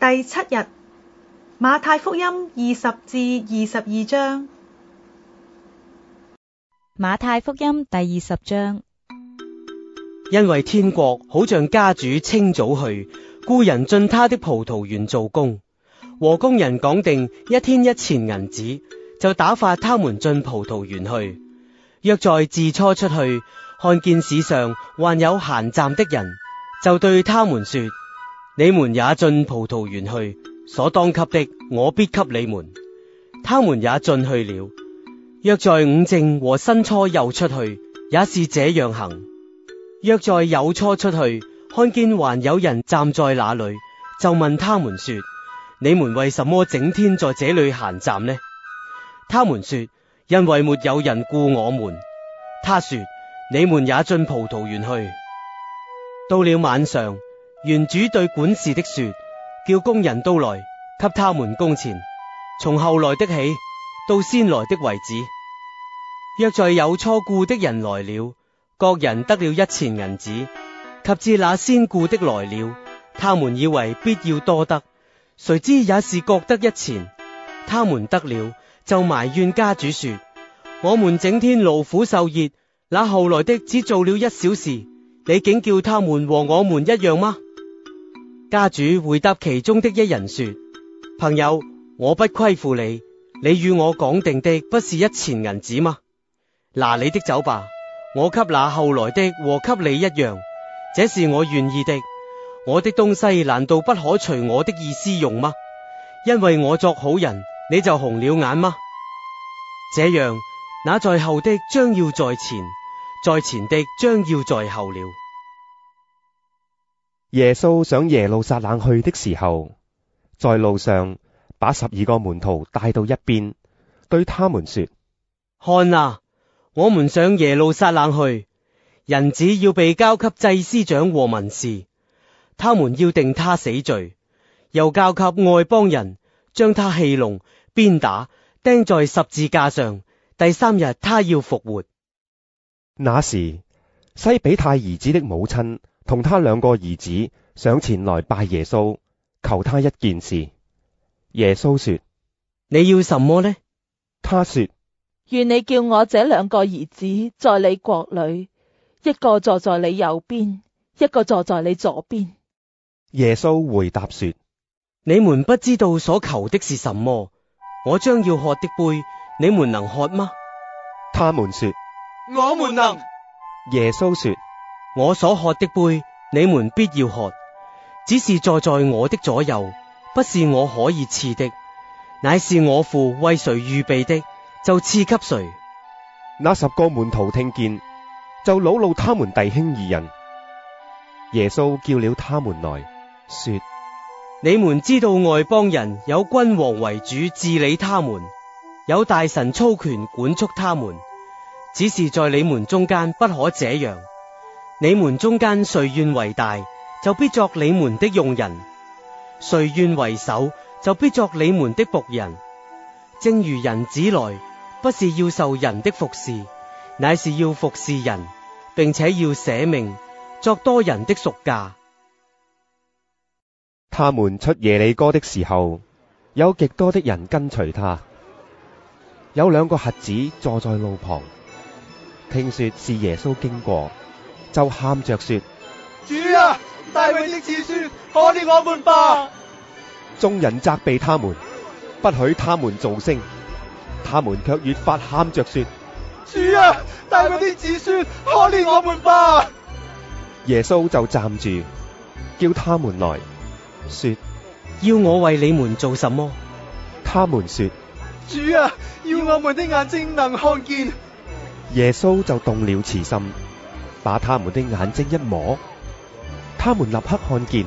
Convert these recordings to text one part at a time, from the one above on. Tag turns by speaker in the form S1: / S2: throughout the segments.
S1: 第七日，馬太福音二十至二十二章。馬太福音第二十章，
S2: 因為天國好像家主清早去，僱人進他的葡萄園做工，和工人講定一天一錢銀子，就打發他們進葡萄園去。約在巳初出去，看見市上還有閒站的人，就對他們說。你們也進葡萄園去，所當給的，我必給你們。他們也進去了。約在午正和申初又出去，也是這樣行。約在酉初出去，看見還有人站在那裏，就問他們說：你們為什麼整天在這裏閒站呢？他們說：因為沒有人雇我們。他說：你們也進葡萄園去。到了晚上。園主對管事的說：叫工人都來，給他們工錢。從後來的起，到先來的為止。約在酉初雇的人來了，各人得了一錢銀子。及至那先雇的來了，他們以為必要多得，誰知也是各得一錢。他們得了就埋怨家主說：我們整天勞苦受熱，那後來的只做了一小時，你竟叫他們和我們一樣嗎？家主回答其中的一人說：朋友，我不虧負你，你與我講定的不是一錢銀子嗎？拿，你的走吧，我給那後來的和給你一樣，這是我願意的。我的東西難道不可隨我的意思用嗎？因為我作好人，你就紅了眼嗎？這樣，那在後的將要在前，在前的將要在後了。
S1: 耶穌上耶路撒冷去的時候，在路上把十二個門徒帶到一
S2: 邊，對他們說：看啊，我們上耶路撒冷去，人子要被交給祭司長和文士，他們要定他死罪，又交給外邦人將他戲弄、鞭打、釘在十字架上。第三日，他要復活。那時，
S1: 西比太兒子的母親。同他兩個兒子上前來拜耶穌，求他一件事。耶穌說：你要什麼呢？他說：
S2: 願你叫我這兩個兒子在你國裏，一個坐在你右邊，一個坐在你左邊。耶穌回答說：你們不知道所求的是什麼。我將要喝的杯，你們能喝嗎？他們說：我們能。耶穌說：我所喝的杯，你們必要喝；只是坐在我的左右，不是我可以賜的，乃是我父為誰預備的，就賜給誰。那十個門徒聽見，就惱怒他們弟兄二人。耶穌叫了他們來說：你們知道外邦人有君王為主治理他們，有大臣操權管束他們；只是在你們中間，不可這樣。你們中間誰願為大，就必作你們的用人；誰願為首，就必作你們的僕人。正如人子來，不是要受人的服侍，乃是要服侍人，並且要捨命作多人的贖價。
S1: 他們出耶利哥的時候，有極多的人跟隨他。有兩個瞎子坐在路旁，聽說是耶穌經過。就喊着說：
S2: 主啊，大衛的子孫，可憐我們吧！
S1: 眾人責備他們，不許他們作聲，他們卻越發喊着說：
S2: 主啊，大衛的子孫，可憐我們吧！
S1: 耶穌就站住，叫他們來說：要我為你們做什麼？他們說：主啊，要我們的眼睛能看見。耶穌就動了慈心。把他們的眼睛一摸，他們立刻看見，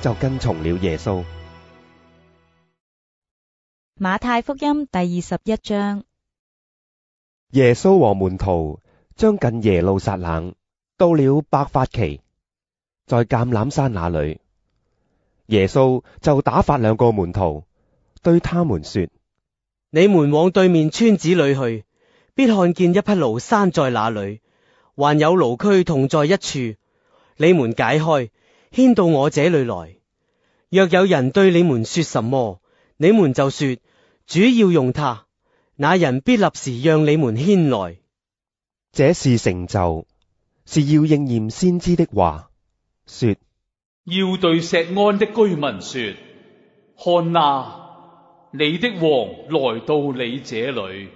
S1: 就跟從了耶穌。馬太福音第二十一章，耶穌和門徒將近耶路撒冷，到了伯法其，在橄欖山那裏，耶穌就打發兩個門徒，對他們說：
S2: 你們往對面村子裏去，必看見一匹驢山在那裏。還有驢駒同在一處，你們解開，牽到我這裏來。若有人對你們說什麼，你們就說：主要用它，那人必立時讓你們牽來。這是成就，是要應驗先知的話。說要對錫安的居民說：看哪，你的王來到你這裏，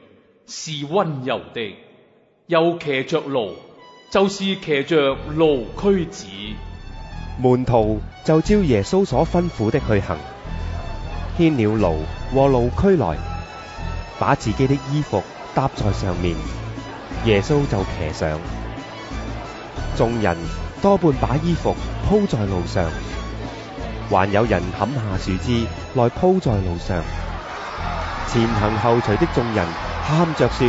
S2: 是温柔的，又騎着驢。就是騎着驢駒子，
S1: 門徒就照耶穌所吩咐的去行，牽了驢和驢駒來，把自己的衣服搭在上面。耶穌就騎上，眾人多半把衣服鋪在路上，還有人砍下樹枝來鋪在路上。前行後隨的眾人喊着說。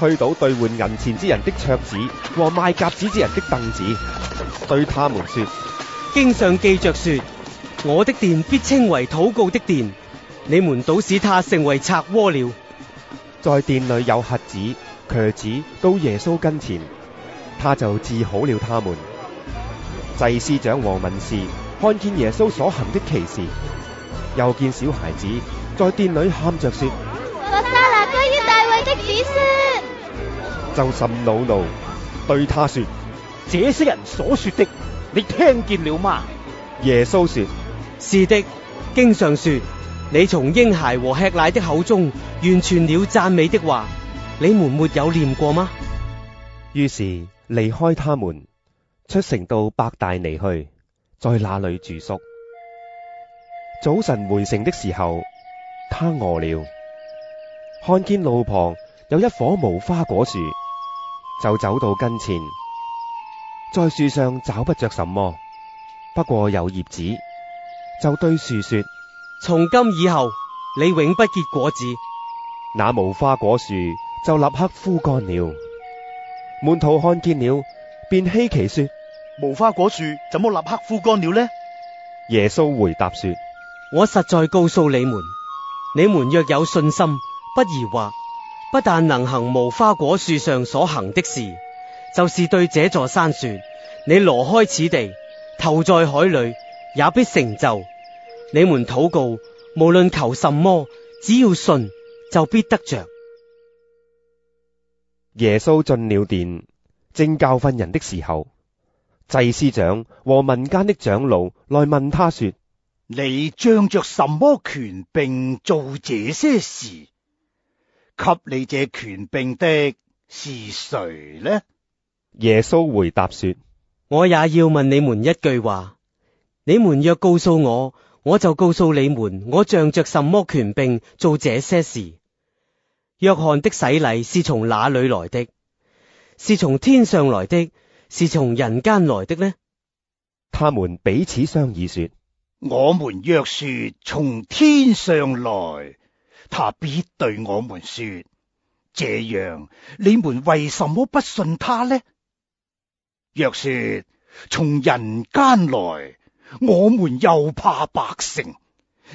S1: 去到兌換銀錢之人的桌子和賣鴿子之人的
S2: 凳子，對他們說：經上記着說，我的殿必稱為禱告的殿，你們倒使他成為賊窩了。在殿裏有瞎子、瘸子到耶穌跟前，他就治好
S1: 了他們。祭司長和文士看見耶穌所行的奇事，又見小孩子在殿裏喊着說：撒拉歸於大衛的子孫。就甚惱怒，對他說：
S2: 這些人所說的，你聽見了嗎？耶穌說：是的，經上說，你從嬰孩和吃奶的口中，完全了讚美的話，你們沒有念過嗎？於是離開他們，
S1: 出城到伯大尼去，在那裡住宿。早晨回城的時候，他餓了，看見路旁有一棵無花果樹。就走到跟前，在樹上找不着什麼，不過有葉子，就對樹說：
S2: 從今以後，你永不結果子。
S1: 那無花果樹就立刻枯乾了。門徒看見了，便希奇說：無花果
S2: 樹怎麼立刻枯乾了呢？耶穌回答說：我實在告訴你們，你們若有信心，不疑惑。不但能行無花果樹上所行的事，就是對這座山說：你挪開此地，投在海裏，也必成就。你們禱告，無論求什麼，只要信，就必得着。
S1: 耶穌進了殿，正教訓人的時候，祭司長和民間的長老來問他說：你仗着什麼權柄做這些事？給
S2: 你這權柄的是誰呢？耶穌回答說：我也要問你們一句話，你們若告訴我，我就告訴你們，我仗着什麼權柄做這些事？約翰的洗禮是從哪裏來的？是從天上來的？是從人間來的呢？他們彼此商議說：
S1: 我們若說從天上來，他必對我們說：這樣你們為什麼不信他呢？若說從人間來，我們又怕百姓，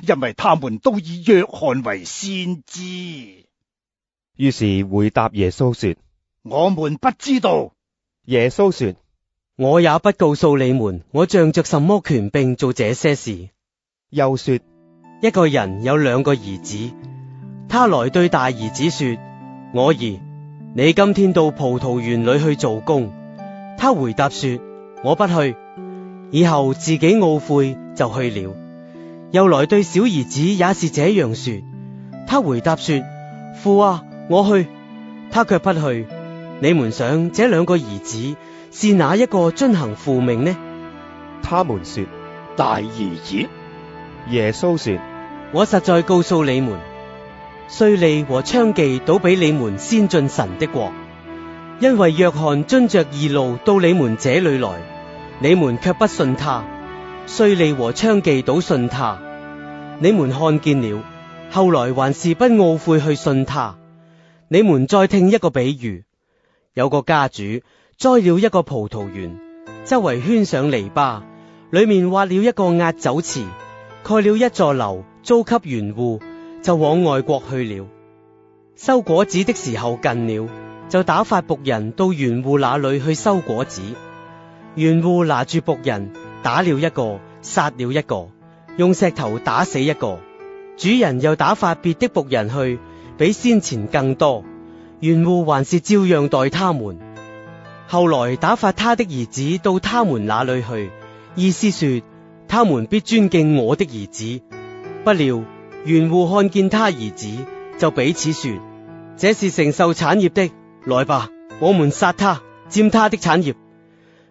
S1: 因為他們都以約翰為先知。於是回答耶穌說：
S2: 我們不知道。
S1: 耶穌說：
S2: 我也不告訴你們，我仗着什麼權柄做這些事。又說：一個人有兩個兒子。他來對大兒子說：我兒，你今天到葡萄園裏去做工。他回答說：我不去。以後自己懊悔就去了。又來對小兒子也是這樣說。他回答說：父啊，我去。他卻不去。你們想這兩個兒子是哪一個遵行父命呢？他們說：大兒子。耶穌說：我實在告訴你們。稅吏和娼妓倒比你們先進神的國，因為約翰遵着義路到你們這裏來，你們卻不信他；稅吏和娼妓倒信他，你們看見了，後來還是不懊悔去信他。你們再聽一個比喻：有個家主栽了一個葡萄園，周圍圈上籬笆，裏面挖了一個壓酒池，蓋了一座樓，租給園戶。就往外國去了。收果子的時候近了，就打發僕人到園戶那裏去收果子。園戶拿住僕人，打了一個，殺了一個，用石頭打死一個。主人又打發別的僕人去，比先前更多。園戶還是照樣待他們。後來打發他的兒子到他們那裏去，意思說他們必尊敬我的兒子。不料。園戶看見他兒子，就彼此說：這是承受產業的，來吧，我們殺他，占他的產業。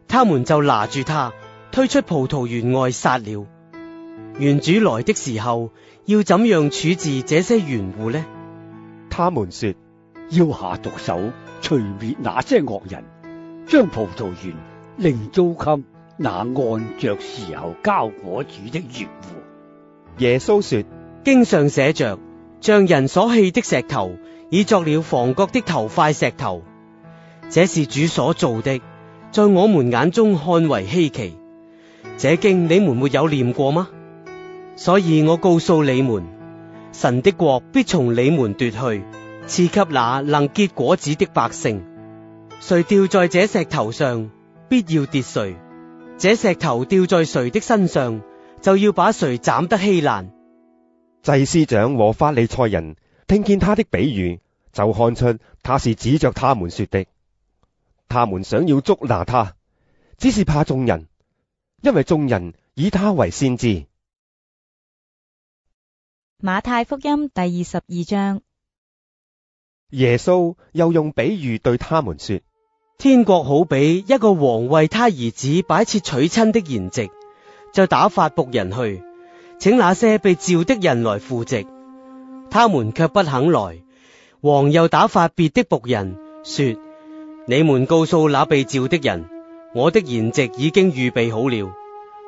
S2: 他們就拿住他，推出葡萄園外殺了。園主來的時候，要怎樣處置這些園戶呢？他們說：要下毒手，除滅那些惡人，將葡萄園另租給那按着時候交果子的園戶。耶穌說。經上寫着：匠人所棄的石頭，已作了房角的頭塊石頭。這是主所做的，在我們眼中看為稀奇。這經你們沒有念過嗎？所以我告訴你們：神的國必從你們奪去，賜給那能結果子的百姓。誰掉在這石頭上，必要跌碎；這石頭掉在誰的身上，就要把誰斬得稀爛。祭司
S1: 長和法利賽人
S2: 聽見他的比
S1: 喻，就看出他是指着他們說的。他們想要捉拿他，只是怕眾人，因為眾人以他為先知。馬太福音第二十二章，耶
S2: 穌又用比喻對他們說：天國好比一個王為他兒子擺設娶親的筵席，就打發僕人去。請那些被召的人來赴席，他們卻不肯來。王又打發別的僕人說：你們告訴那被召的人，我的筵席已經預備好了，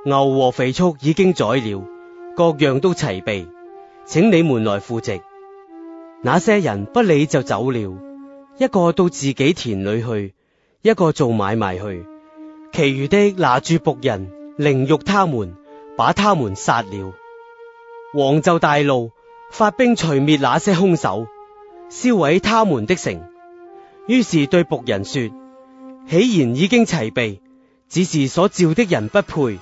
S2: 牛和肥畜已經宰了，各樣都齊備，請你們來赴席。那些人不理就走了，一個到自己田裏去，一個做買賣去，其餘的拿住僕人凌辱他們。把他們殺了，王就大怒，發兵除滅那些兇手，燒毀他們的城。於是對僕人說：喜筵已經齊備，只是所召的人不配，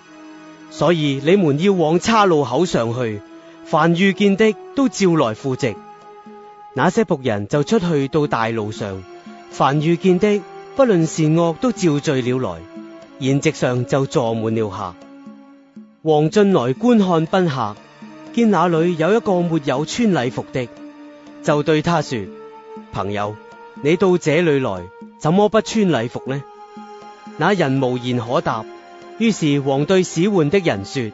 S2: 所以你們要往岔路口上去，凡遇見的都召來赴席。那些僕人就出去到大路上，凡遇見的不論善惡都召聚了來，筵席上就坐滿了下。王進來觀看賓客，見那裏有一個沒有穿禮服的，就對他說：朋友，你到這裏來，怎麼不穿禮服呢？那人無言可答。於是王對使喚的人說：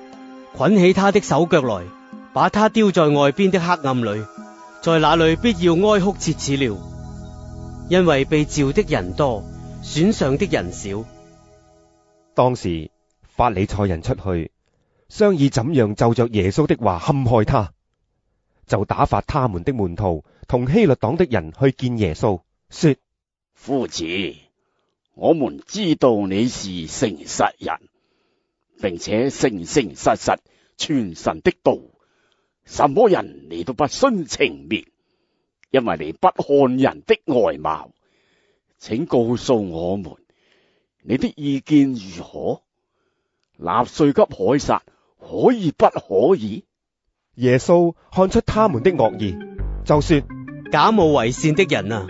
S2: 綑起他的手腳來，把他丟在外邊的黑暗裏，在那裏必要哀哭切齒了，因為被召的人多，選上的人少。
S1: 當時法利賽人出去。商議怎樣就着耶穌的話陷害他，就打發他們的門徒同希律黨的人去見耶穌，說：夫子，我們知道你是誠實人，並且誠誠實實傳神的道，什麼人你都不徇情面，因為你不看人的外貌，請告訴我們你的意見如何？納稅給該撒，可以不可以？
S2: 耶穌看出他們的惡意，就說：假冒為善的人啊，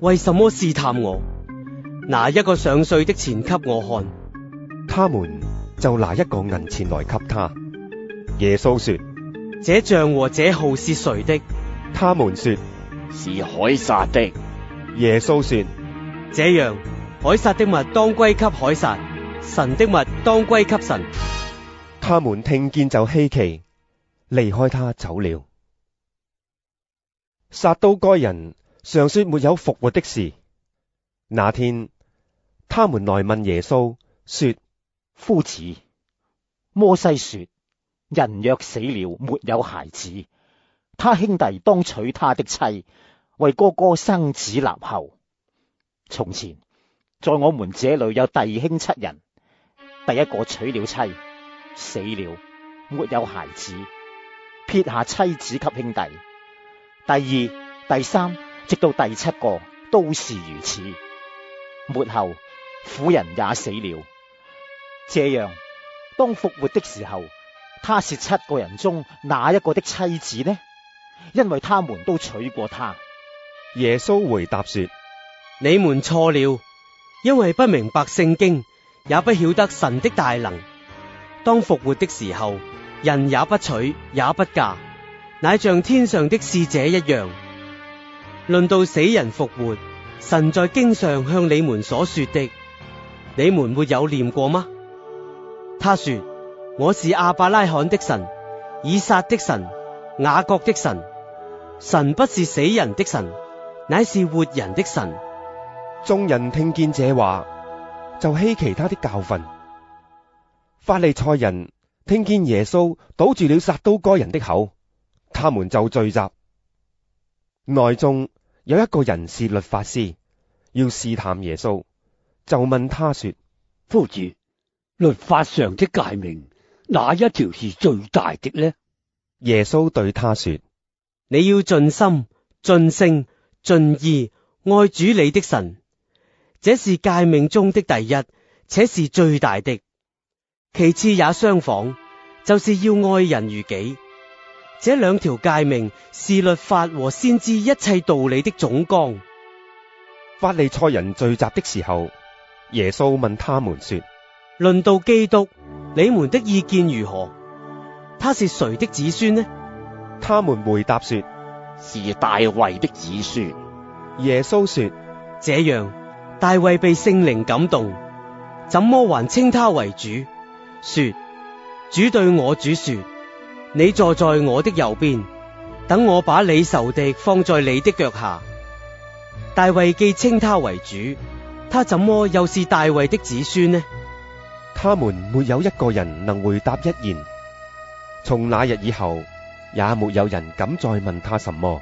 S2: 為什麼試探我？拿一個上稅的錢給我看。他們就拿一個銀錢來給他。耶穌說：這像和這號是誰的？他們說是凱撒的。耶穌說：這樣，凱撒的物當歸給凱撒，神的物當歸給神。
S1: 他們聽見就稀奇，離開他走了。撒都該人常說沒有復活的事。那天，他們來問耶穌，說：「夫子，摩西說，人若死了沒有孩子，他兄弟當娶他的妻，為哥哥生子立後。從前，在我們這裏有弟兄七人，第一個娶了妻。死了，沒有孩子，撇下妻子給兄弟。第二、第三，直到第七個，都是如此。末後，婦人也死了。這樣，當復活的時候，他是七個人中哪一個的妻子呢？因為他們都娶過她。
S2: 耶穌回答說：你們錯了，因為不明白聖經，也不曉得神的大能。當復活的時候，人也不娶也不嫁，乃像天上的使者一樣。論到死人復活，神在經上向你們所說的，你們沒有念過嗎？他說：我是亞伯拉罕的神，以撒的神，雅各的神。神不是死人的神，乃是活人的神。眾人聽見這話，就希奇他的教
S1: 訓。法利賽人聽見耶穌堵住了撒都該人的口，他們就聚集。內中有一個人是律法師，要試探耶穌，就問他說：夫子，
S2: 律法上的誡命，哪一條是最大的呢？耶穌對他說：你要盡心、盡性、盡意愛主你的神，這是誡命中的第一，且是最大的。其次也相仿，就是要愛人如己。這兩條誡命是律法和先知一切道理的總綱。
S1: 法利賽人聚集的時候，耶穌問他們說，
S2: 論到基督，你們的意見如何？他是誰的子孫呢？他們回答說：是大衛的子孫。耶穌說：這樣，大衛被聖靈感動，怎麼還稱他為主？說，主對我主說：你坐在我的右邊，等我把你仇敵放在你的腳下。大衛既稱他為主，他怎麼又是大衛的子孫呢？
S1: 他們沒有一個人能回答一言。從那日以後，也沒有人敢再問他什麼。